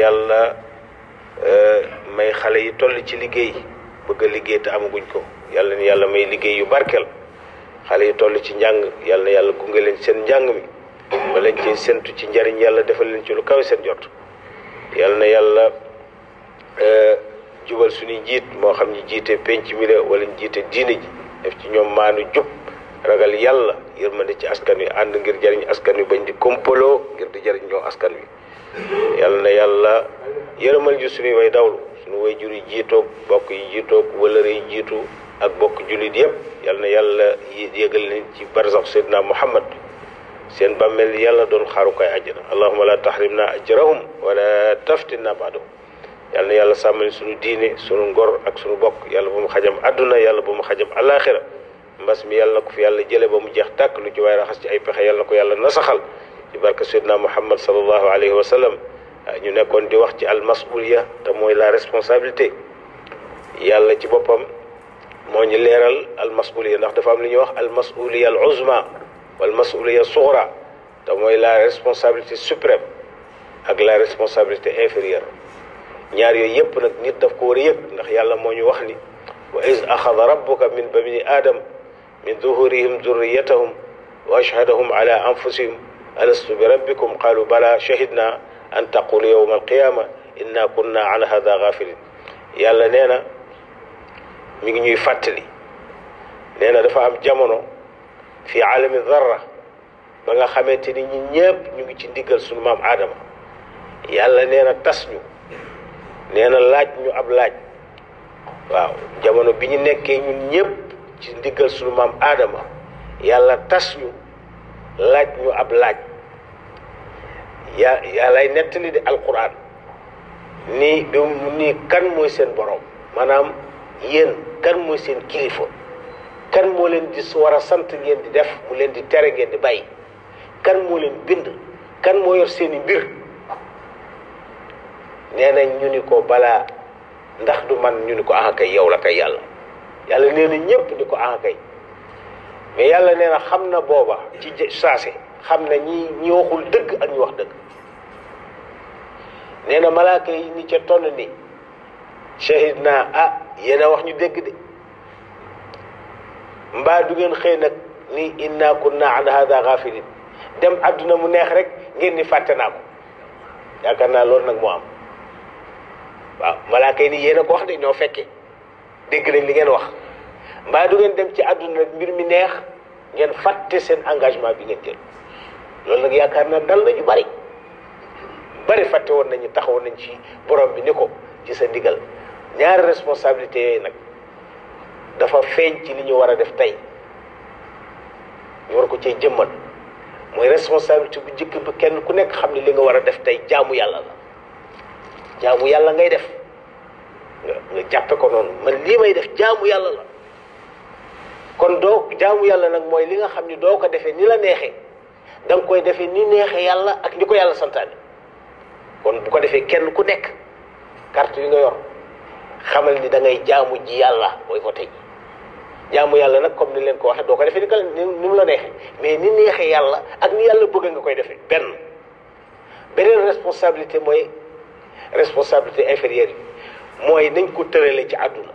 yàlla eh, may xale yi toll ci liggéey bëgg liggéey te amaguñ ko yàlla yàlla may liggéey yu barkeel xale yi toll ci njàng yàlla yàlla gunge leen seen njàng mi ba leen ci sentu ci njariñ yàlla defal leen ci lu kaw seen jot yàlla na yàlla eh, jubal suñuy njiit moo xam ñi jiite penc mi la wala ñu jiite ji def ci ñoom maanu jub ragal yàlla yërmande ci askan wi ànd ngir jariñ askan wi bañ di kompaloo ngir di jariñ ñoo askan wi yal na yàlla yërëmal ji suñuy way dawlu suñu way jur yi jiitoog bokk yi jiitoog wëlëre yi jiitu ak bokk jullit yëpp yal na yàlla yégal leen ci barsax seydina muhammad seen bàmmeel yàlla doon xaarukaay àjjana allahuma la tahrimna ajrahum wala taftinna baadahum yal na yàlla sàmmali suñu diine sunu ngor ak sunu bokk yàlla bu mu xajam àdduna yàlla bu mu xajam alaaxira mbas mi yàlla ko fi yàlla jële ba mu jeex tàkk lu ci waay raxas ci ay pexe yàlla ko yàlla nasaxal ci barke seydina muhammad sallallahu alayhi wa sallam Ah, ñu nekkoon di wax ci almasuliya te mooy la responsabilité yàlla ci boppam moo ñu leeral almasuliya ndax dafa am lu ñuy wax almasuliya al uzma wal masuliya suxra te mooy la responsabilité suprême ak la responsabilité inférieure ñaar yooyu yëpp nag nit daf ko war a yëg ndax yàlla moo ñu wax ni wa iz axada rabbuka min bani aadam min zuhurihim durriyatahum wa ashhadahum ala anfusihim alastu bi rabbikum qalu bala shahidna an taqulu yowma alqiyama inna kunna an hada gafilin yàlla nee na mi ngi ñuy fàttali nee dafa am jamono fi alami zarra ba nga xamante ni ñun ñëpp ñu ngi ci diggal suñu maam aadama yàlla nee na tas ñu nee na laaj ñu ab laaj waaw jamono bi ñu nekkee ñun ñëpp ci diggal suñu maam aadama yàlla tas ñu laaj ñu ab laaj yaa ay lay nettali di alquran nii du nii kan mooy seen boroom maanaam yéen kan mooy seen kilifa kan moo leen di war a sant ngeen di def mu leen di tere ngeen di bàyyi kan moo leen bind kan moo yor seeni mbir nee na ñu ni ko balaa ndax du man ñu ni ko ah kay yow la kay yàlla yàlla nee ñépp di ko ah kay mais yàlla nee na xam na booba ci saase xam na ñi ñi waxul dëgg ak ñu wax dëgg nee na malaaka yi ni ca tonn ni shahid naa ah yéen a wax ñu dégg de mbaa du ngeen xëy nag ni inna naa an hada ghafilin dem àdduna mu neex rek ngeen ni fàtte naa ko yaakaar naa loolu nag moo am waaw malaaka yi ni yéen a ko wax de ñoo fekke dégg nañ li ngeen wax mbaa du ngeen dem ci àdduna mbir mi neex ngeen fàtte seen engagement bi ngeen jël loolu nag yaakaar naa dal ñu bari bari fàtte woon nañu taxaw nañ ci borom bi ni ko ci sa ndigal ñaari responsabilité yooyu nag dafa feeñ ci li ñu war a def tey war ko cee jëmmal mooy responsabilité bu njëkk ba kenn ku nekk xam ne li nga war a def tey jaamu yàlla la jaamu yàlla ngay def nga jàppe ko noonu man lii may def jaamu yàlla la kon doo jaamu yàlla nag mooy li nga xam ni doo ko defee ni la neexee da koy defee ni neexee yàlla ak ni ko yàlla santaane kon bu ko defee kenn ku nekk kart yu nga yor xamal ni da ngay jaamu ji yàlla mooy voté ji jaamu yàlla nag comme ni leen ko waxee doo ko defee ni ka ni mu la neexee mais ni neexee yàlla ak ni yàlla bëgg nga koy defee benn beneen responsabilité mooy responsabilité inférieure yi mooy nañ ko tërale ci àdduna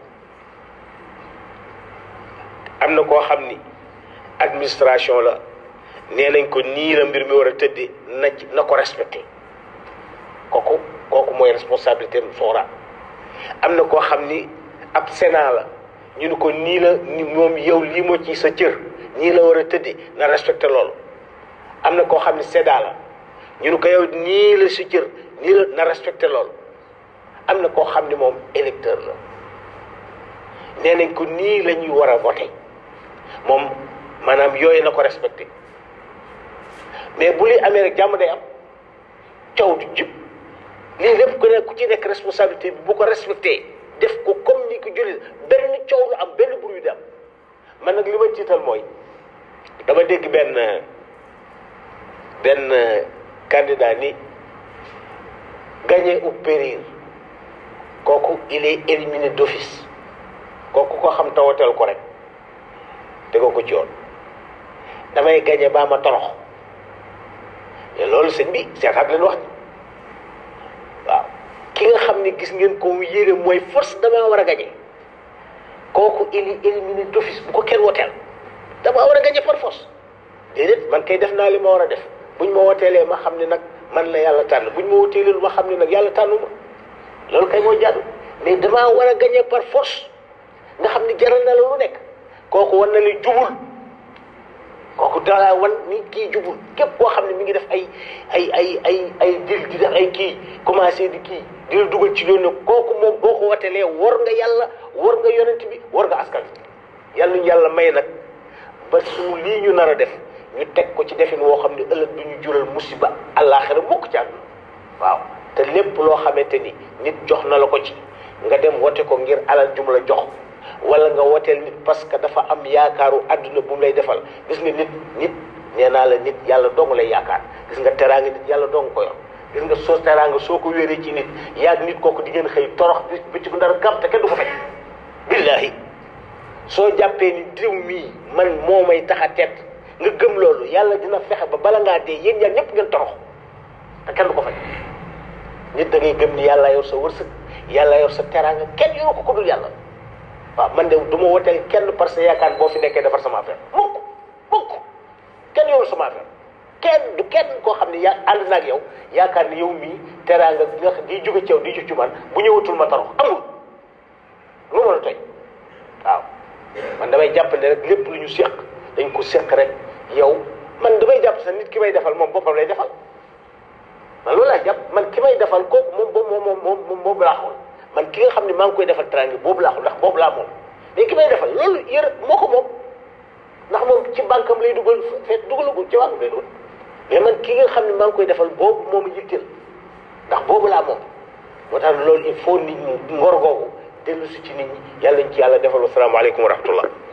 am na koo xam ni administration la nee nañ ko nii la mbir mi war a tëddi na na ko respecté kooku kooku mooy responsabilité am Soxna am na koo xam ni ab Sénat la ñu ne ko nii la moom yow lii moo ci sa cër nii la war a tëddi na respecté loolu am na koo xam ni Sénat la ñu ko yow nii na respecté loolu am na koo xam ni moom électeur la nee nañ ko nii lañuy war a voté moom maanaam yooyu na ko respecté. mais bu lii amee rek jàmm day am caw du jib lii lépp ku ku ci nekk responsabilité bi bu ko respecté def ko comme ni ko jullit benn coow lu am benn bruit di am man nag li ma tiital mooy dama dégg benn benn candidat ni gagner ou périr kooku il éliminé d'office kooku ko xam tawateel ko rek tegoo ko ci yoon damay gagner baa ma torox loolu sëñ bi seetaat leen wax waaw ki nga xam ne gis ngeen ko yéene mooy force damaa war a gañe kooku éli éliminé d'office bu ko kenn woteel damaa war a gañe par force déedéet man kay def naa li ma war a def buñ ma woteelee ma xam ne nag man la yàlla tànn buñ ma lu ma xam ne nag yàlla tànn ma loolu kay moo jàddu mais damaa war a gañe par force nga xam ne jaral na la lu nekk kooku war na li jubul kooku dalaa wan ni kii jubul képp koo xam ne mu ngi def ay ay ay ay ay dil di def ay kii commencé di kii di dugal ci yoon kooku moom boo ko watelee war nga yàlla war nga yonent bi war nga askan yàlla ñu yàlla may nag ba suñu lii ñu nar a def ñu teg ko ci defin woo xam ne ëllëg bi ñu jural musiba àllaaxira mukk ci àdduna waaw te lépp loo xamante ni nit jox na la ko ci nga dem wote ko ngir alal jum la jox wala nga woteel nit parce que dafa am yaakaaru àdduna bu mu lay defal gis nga nit nit nee naa la nit yàlla dong lay yaakaar gis nga teraanga nit yàlla dong ko yor gis nga soo teraanga soo ko wéeree ci nit yaag kooku di ngeen xëy torox bi ko ndar gam te kenn du jàppee ni diw mii man moo may tax a tedd gëm loolu yàlla dina fexe ba bala ngaa dee yéen ñaar ñëpp ngeen torox te da ngay gëm yàlla yor sa wërsëg yàlla yor sa teraanga yàlla waaw man de du ma woteel kenn parce que yaakaar boo fi nekkee defar sama affaire mukk mukk kenn yow sama affaire kenn du kenn koo xam ne yaa ànd yow yaakaar ni yow mii teraanga bi nga xam di jóge ci yow di jóg ci man bu ñëwatul ma taro amul lu mën a tey waaw man damay jàpp ne rek lépp lu ñu séq dañ ko séq rek yow man damay jàpp sax nit ki may defal moom boppam lay defal man loolu laa jàpp man ki may defal kooku moom moom moom moom moom boobu laa xool man ki nga xam ne maa ngi koy defal teraanga boobu laa xool boobu laa moom mais ki may defal loolu yër moo ko moom ndax moom ci banque am lay dugal fekk dugalagul ci banque lay dugal mais man ki nga xam ne maa koy defal boobu moom yitteel ndax boobu laa moom moo tax loolu il faut nit ñi ngor googu dellu si ci nit ñi yàlla ñu ci yàlla defal wasalaamaaleykum wa rahmatullah